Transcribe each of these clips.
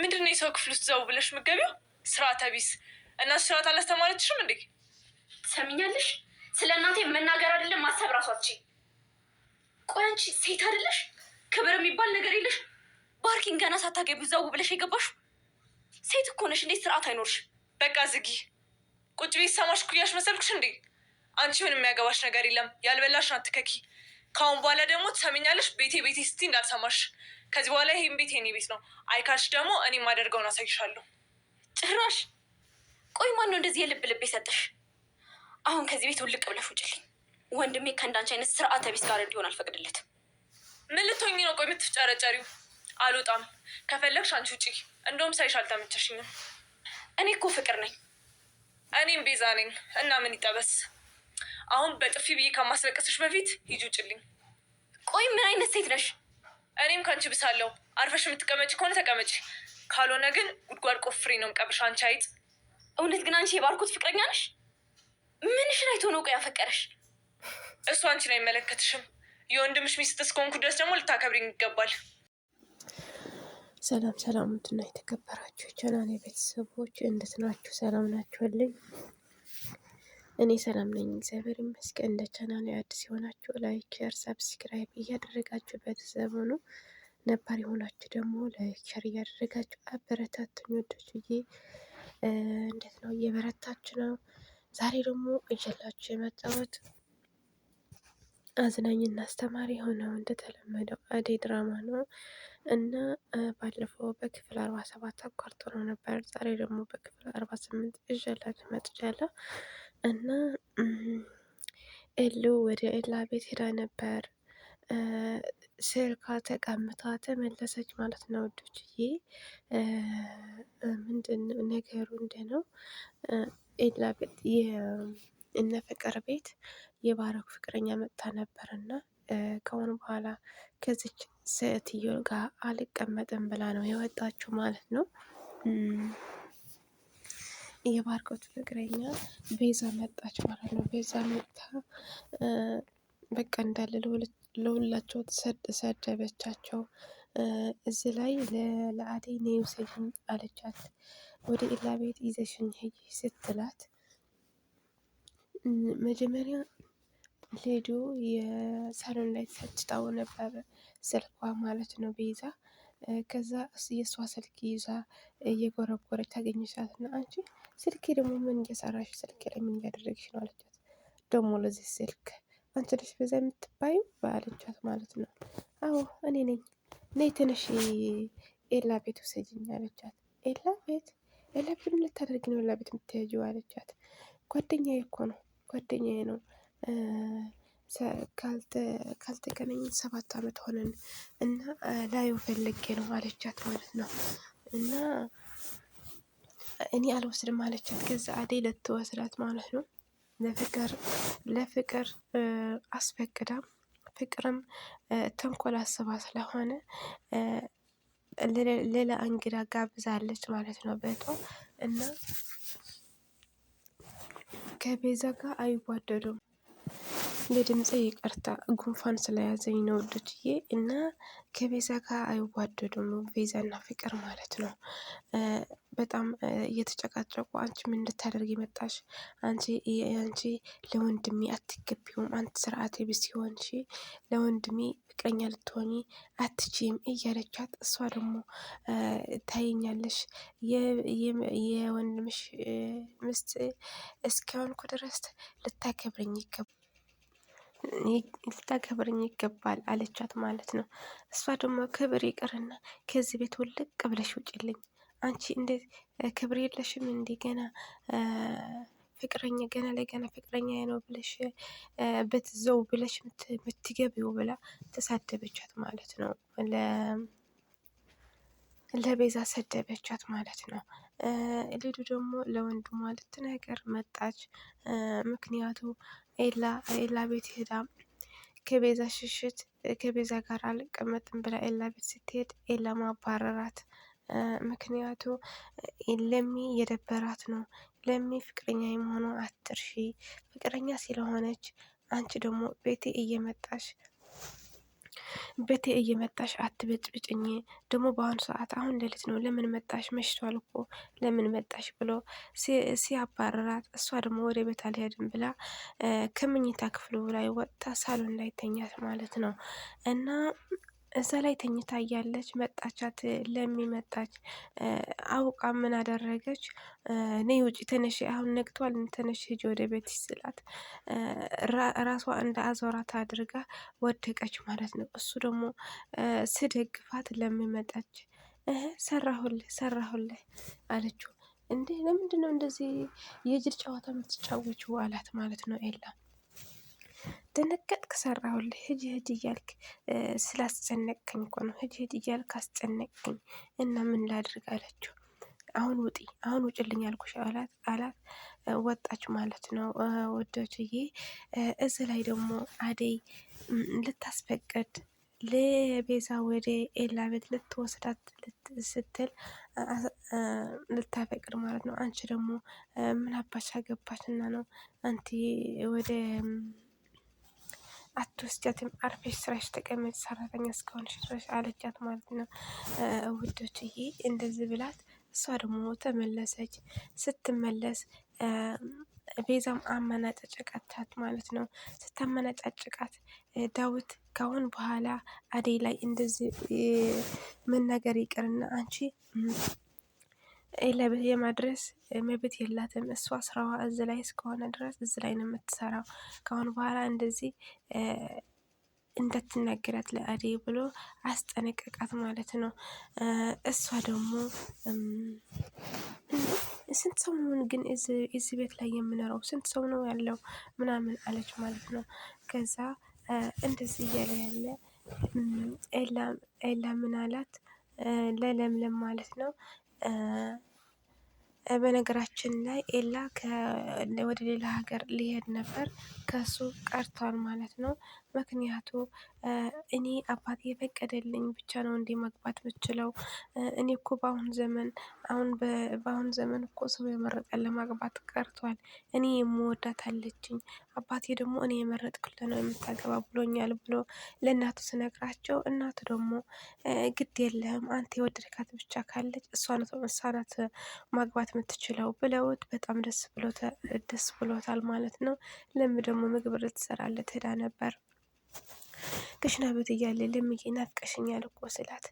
ምንድነው የሰው ክፍል ውስጥ ዘው ብለሽ ምገቢው? ስርዓተ ቢስ እና ስርዓት አላስተማረችሽም እንዴ? ትሰሚኛለሽ? ስለ እናቴ መናገር አይደለም ማሰብ ራሷች። ቆይ አንቺ ሴት አይደለሽ? ክብር የሚባል ነገር የለሽ? ባርኪን ገና ሳታገቢ ዘው ብለሽ የገባሽ ሴት እኮ ነሽ። እንዴት ስርዓት አይኖርሽ? በቃ ዝጊ። ቁጭ ቤት ሰማሽ ኩያሽ መሰልኩሽ እንዴ? አንቺ ምን የሚያገባሽ ነገር የለም። ያልበላሽን አትከኪ። ከአሁን በኋላ ደግሞ ትሰሚኛለሽ? ቤቴ ቤቴ ስቲ እንዳልሰማሽ ከዚህ በኋላ ይሄን ቤት የኔ ቤት ነው። አይካሽ ደግሞ እኔ ማደርገውን አሳይሻለሁ። ጭራሽ ቆይ፣ ማን ነው እንደዚህ የልብ ልብ የሰጠሽ? አሁን ከዚህ ቤት ውልቅ ብለሽ ውጭልኝ። ወንድሜ ከእንዳንቺ አይነት ስርዓተ ቢስ ጋር እንዲሆን አልፈቅድለትም። ምን ልትሆኚ ነው? ቆይ የምትፍጨረጨሪው? አልወጣም። ከፈለግሽ አንቺ ውጪ። እንደውም ሳይሽ አልተመቸሽኝም። እኔ እኮ ፍቅር ነኝ። እኔም ቤዛ ነኝ እና ምን ይጠበስ። አሁን በጥፊ ብዬ ከማስለቀስሽ በፊት ሂጂ ውጭልኝ። ቆይ ምን አይነት ሴት ነሽ? እኔም ከአንቺ ብሳለሁ። አርፈሽ የምትቀመጭ ከሆነ ተቀመጭ፣ ካልሆነ ግን ጉድጓድ ቆፍሬ ነው የምቀብርሽ። አንቺ አይጥ! እውነት ግን አንቺ የባርኮት ፍቅረኛ ነሽ? ምንሽን አይቶ ነው ቆይ ያፈቀረሽ? እሱ አንቺን አይመለከትሽም። የወንድምሽ ሚስት እስከሆንኩ ድረስ ደግሞ ልታከብሪኝ ይገባል። ሰላም ሰላም፣ ምንድን የተከበራችሁ የቻናሌ ቤተሰቦች፣ እንዴት ናችሁ? ሰላም ናችኋልኝ? እኔ ሰላም ነኝ፣ እግዚአብሔር ይመስገን። እንደ ቻናሉ አዲስ የሆናችሁ ላይክ፣ ሼር፣ ሰብስክራይብ እያደረጋችሁ ቤተሰብ ሁኑ። ነባር የሆናችሁ ደግሞ ላይክ፣ ሸር እያደረጋችሁ አበረታቱኝ ወዳጆቼ። እንዴት ነው? እየበረታችሁ ነው? ዛሬ ደግሞ እጀላችሁ የመጣሁት አዝናኝና አስተማሪ የሆነው እንደተለመደው አደይ ድራማ ነው እና ባለፈው በክፍል አርባ ሰባት አቋርጦ ነው ነበር። ዛሬ ደግሞ በክፍል አርባ ስምንት እጀላችሁ መጥቻለሁ። እና እሉ ወደ ኤላ ቤት ሄዳ ነበር። ስርካ ተቀምጣ ተመለሰች ማለት ነው ውዶችዬ። ምንድን ነገሩ እንደ ነው ኤላ ቤት ፍቅር ቤት የባረኩ ፍቅረኛ መጥታ ነበር እና ከአሁኑ በኋላ ከዚች ሴትዮ ጋር አልቀመጥም ብላ ነው የወጣችው ማለት ነው። የባርኮት ፍቅረኛ ቤዛ መጣች ማለት ነው። ቤዛ መጣ በቃ እንዳለ ለሁላቸው ሰደበቻቸው። እዚ ላይ ለአደይ ነይ ውሰጂኝ አለቻት። ወደ ኢላ ቤት ይዘሽኝ ሂጂ ስትላት መጀመሪያ ሌዲዮ የሳሎን ላይ ተጭጣው ነበረ ስልኳ ማለት ነው ቤዛ ከዛ የእሷ ስልክ ይዛ እየጎረጎረች ታገኘቻት እና አንቺ ስልክ ደግሞ ምን እየሰራሽ ስልክ ላይ ምን እያደረግሽ ነው አለቻት። ደግሞ ለዚህ ስልክ አንቺ ነሽ በዛ የምትባዩ በአለቻት ማለት ነው። አዎ እኔ ነኝ። ነይ ትንሽ ኤላ ቤት ውሰጅኝ አለቻት። ኤላ ቤት ኤላ ቤት ምን ልታደርግ ነው ኤላ ቤት የምትሄጂው አለቻት። ጓደኛዬ እኮ ነው ጓደኛዬ ነው ካልተገናኘን ሰባት ዓመት ሆነን እና ላየው ፈልጌ ነው አለቻት ማለት ነው። እና እኔ አልወስድም አለቻት። ከዛ አደይ ልትወስዳት ማለት ነው ለፍቅር ለፍቅር አስፈቅዳም ፍቅርም ተንኮል አስባ ስለሆነ ሌላ እንግዳ ጋብዛለች ማለት ነው ቤቷ እና ከቤዛ ጋር አይዋደዱም። ለድምፄ ይቅርታ ጉንፋን ስለያዘኝ ነው ውዶችዬ። እና ከቤዛ ጋር አይዋደዱም ቤዛና ፍቅር ማለት ነው። በጣም እየተጨቃጨቁ አንቺ ምን እንድታደርግ የመጣሽ አንቺ አንቺ ለወንድሜ አትገቢውም፣ አንቺ ስርዓት ቢስ ሺ ለወንድሜ ፍቅረኛ ልትሆኒ አትችም እያለቻት፣ እሷ ደግሞ ታየኛለሽ የወንድምሽ ምስት እስኪሆንኩ ድረስ ልታከብረኝ ይገባል ልታከብርኝ ይገባል አለቻት ማለት ነው። እሷ ደግሞ ክብር ይቅርና ከዚህ ቤት ውልቅ ብለሽ ውጭልኝ አንቺ እንደ ክብር የለሽም እንዲ ገና ፍቅረኛ ገና ለገና ፍቅረኛ ነው ብለሽ ብትዘው ብለሽ ምትገቢው ብላ ተሳደበቻት ማለት ነው። ለቤዛ ሰደበቻት ማለት ነው። ልዱ ደግሞ ለወንድሟ ትነገር መጣች። ምክንያቱ ኤላ ኤላ ቤት ሄዳ ከቤዛ ሽሽት ከቤዛ ጋር አልቀመጥም ብላ ኤላ ቤት ስትሄድ ኤላ ማባረራት። ምክንያቱ ለሚ የደበራት ነው። ለሚ ፍቅረኛ የመሆኑ አትርሺ፣ ፍቅረኛ ስለሆነች አንቺ ደግሞ ቤቴ እየመጣሽ በቴ እየመጣሽ አትበጭብጭኝ። ደግሞ በአሁኑ ሰዓት አሁን ሌሊት ነው፣ ለምን መጣሽ? መሽቷል እኮ ለምን መጣሽ? ብሎ ሲያባረራት፣ እሷ ደግሞ ወደ ቤት አልሄድም ብላ ከምኝታ ክፍሉ ላይ ወጥታ ሳሎን ላይ ተኛት ማለት ነው እና እዛ ላይ ተኝታ እያለች መጣቻት። ለሚመጣች አውቃ ምን አደረገች? ነይ ውጪ ተነሽ፣ አሁን ነግቷል፣ ተነሽ ሂጂ ወደ ቤት ስላት ራሷ እንደ አዞራት አድርጋ ወደቀች ማለት ነው። እሱ ደግሞ ስደግፋት ለሚመጣች ሰራሁልህ፣ ሰራሁልህ አለችው። እንዴ ለምንድን ነው እንደዚህ የእጅል ጨዋታ የምትጫወችው? አላት ማለት ነው ኤላ ደነገጥክ ሰራሁልህ። ሂጂ ሂጂ እያልክ ስላስጨነቅኝ እኮ ነው። ሂጂ ሂጂ እያልክ አስጨነቅኝ እና ምን ላድርግ አለችው። አሁን ውጢ አሁን ውጭልኝ አልኩሽ አላት አላት። ወጣች ማለት ነው ወደችዬ እዚህ ላይ ደግሞ አደይ ልታስፈቅድ ለቤዛ ወደ ኤላ ቤት ልትወስዳት ስትል ልታፈቅድ ማለት ነው። አንቺ ደግሞ ምን አባሽ ገባሽ እና ነው አንቲ ወደ አትወስጃትም፣ አርፈሽ ስራሽ ተቀመጭ ሰራተኛ እስከሆንሽ ድረስ አለቻት ማለት ነው ውዶችዬ። እንደዚህ ብላት እሷ ደግሞ ተመለሰች። ስትመለስ ቤዛም አመናጫጭቃቻት ማለት ነው። ስታመናጫጭቃት ዳዊት ካሁን በኋላ አደይ ላይ እንደዚህ መናገር ይቅርና አንቺ ለቤት የማድረስ መብት የላትም። እሷ ስራዋ እዚ ላይ እስከሆነ ድረስ እዚ ላይ ነው የምትሰራው። ከአሁን በኋላ እንደዚህ እንዳትናገራት ለአዴ ብሎ አስጠነቀቃት ማለት ነው። እሷ ደግሞ ስንት ሰው ግን እዚ ቤት ላይ የምኖረው? ስንት ሰው ነው ያለው? ምናምን አለች ማለት ነው። ከዛ እንደዚህ እያለ ያለ ኤላ ምን አላት ለለምለም ማለት ነው በነገራችን ላይ ኤላ ወደ ሌላ ሀገር ሊሄድ ነበር ከሱ ቀርቷል ማለት ነው። ምክንያቱም እኔ አባቴ የፈቀደልኝ ብቻ ነው እንዴ መግባት የምችለው? እኔ እኮ በአሁን ዘመን አሁን በአሁን ዘመን እኮ ሰው የመረጠን ለማግባት ቀርቷል። እኔ የምወዳት አለችኝ አባቴ ደግሞ እኔ የመረጥኩት ነው የምታገባ ብሎኛል ብሎ ለእናቱ ስነግራቸው እናቱ ደግሞ ግድ የለህም አንተ የወደድካት ብቻ ካለች እሷ ናት ማግባት የምትችለው ብለውት በጣም ደስ ብሎታል ማለት ነው። ለም ደግሞ ምግብ ልትሰራለት ሄዳ ነበር ክሽና ቤት እያለን ለምዬ ናፍቀሽኛል እኮ ስላት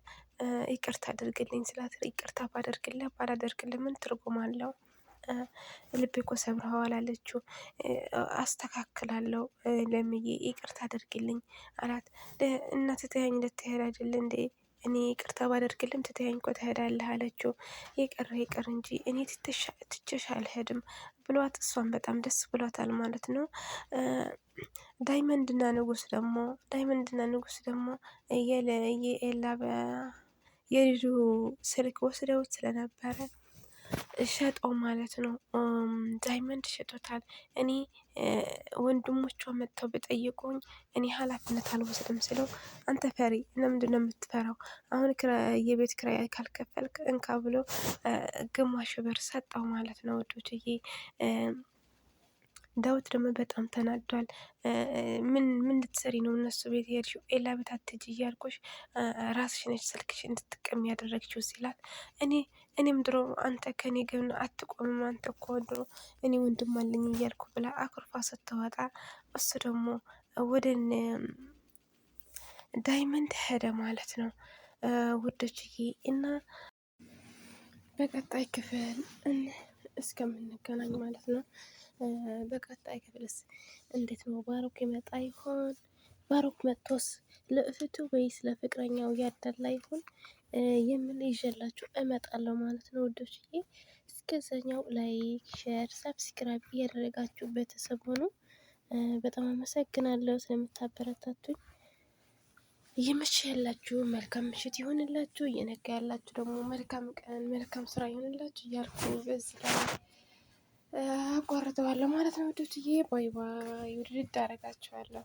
ይቅርታ አድርግልኝ ስላት ይቅርታ ባደርግልህ ባላደርግልህ ምን ትርጉም አለው? ልቤ እኮ ሰብረኸዋል አለችው። አስተካክላለሁ ለምዬ ይቅርታ አድርግልኝ አላት። እና ትተኸኝ ልትሄድ አይደል እንዴ? እኔ ይቅርታ ባደርግልም ትተኸኝ እኮ ትሄዳለህ አለችው። ይቅር ይቅር እንጂ እኔ ትቼሽ አልሄድም ብሏት እሷን በጣም ደስ ብሏታል ማለት ነው። ዳይመንድና ንጉስ ደግሞ ዳይመንድና ንጉስ ደግሞ የኤላ የልጁ ስልክ ወስደውት ስለነበረ ሸጠው ማለት ነው። ዳይመንድ ሸጦታል። እኔ ወንድሞቿ መጥተው ቢጠይቁኝ እኔ ኃላፊነት አልወስድም ስለው አንተ ፈሪ ለምንድን ነው የምትፈራው? አሁን የቤት ክራይ ካልከፈልክ እንካ ብሎ ግማሽ ብር ሰጠው ማለት ነው ውዶችዬ። ዳዊት ደግሞ በጣም ተናዷል። ምን ምን ልትሰሪ ነው እነሱ ቤት ሄድሽው? ኤላ ቤት አትሄጂ እያልኩሽ ራስሽ ስልክሽ እንድትቀሚ ያደረግችው ሲላት እኔ እኔም ድሮ አንተ ከኔ ገብና አትቆምም አንተ እኮ ድሮ እኔ ወንድም አለኝ እያልኩ ብላ አኩርፋ ስትወጣ እሱ ደግሞ ወደ ዳይመንድ ሄደ ማለት ነው ውዶችዬ እና በቀጣይ ክፍል እስከምንገናኝ ማለት ነው። በቀጣይ ክፍልስ እንዴት ነው? ባሮክ ይመጣ ይሆን? ባሮክ መጥቶስ ለእህቱ ወይስ ለፍቅረኛው ያደላ ይሆን? የምን ይዤላችሁ እመጣለሁ ማለት ነው ውዶችዬ። እስከዛኛው ላይክ፣ ሼር፣ ሰብስክራይብ እያደረጋችሁ ቤተሰብ ሆኑ። በጣም አመሰግናለሁ ስለምታበረታቱኝ። የመቼ ያላችሁ መልካም ምሽት ይሆንላችሁ፣ እየነጋ ያላችሁ ደግሞ መልካም ቀን፣ መልካም ስራ ይሆንላችሁ እያልኩ በዚህ ላይ አቋርጠዋለሁ ማለት ነው ውዶችዬ። ባይ ባይ። ውድድ አደርጋችኋለሁ።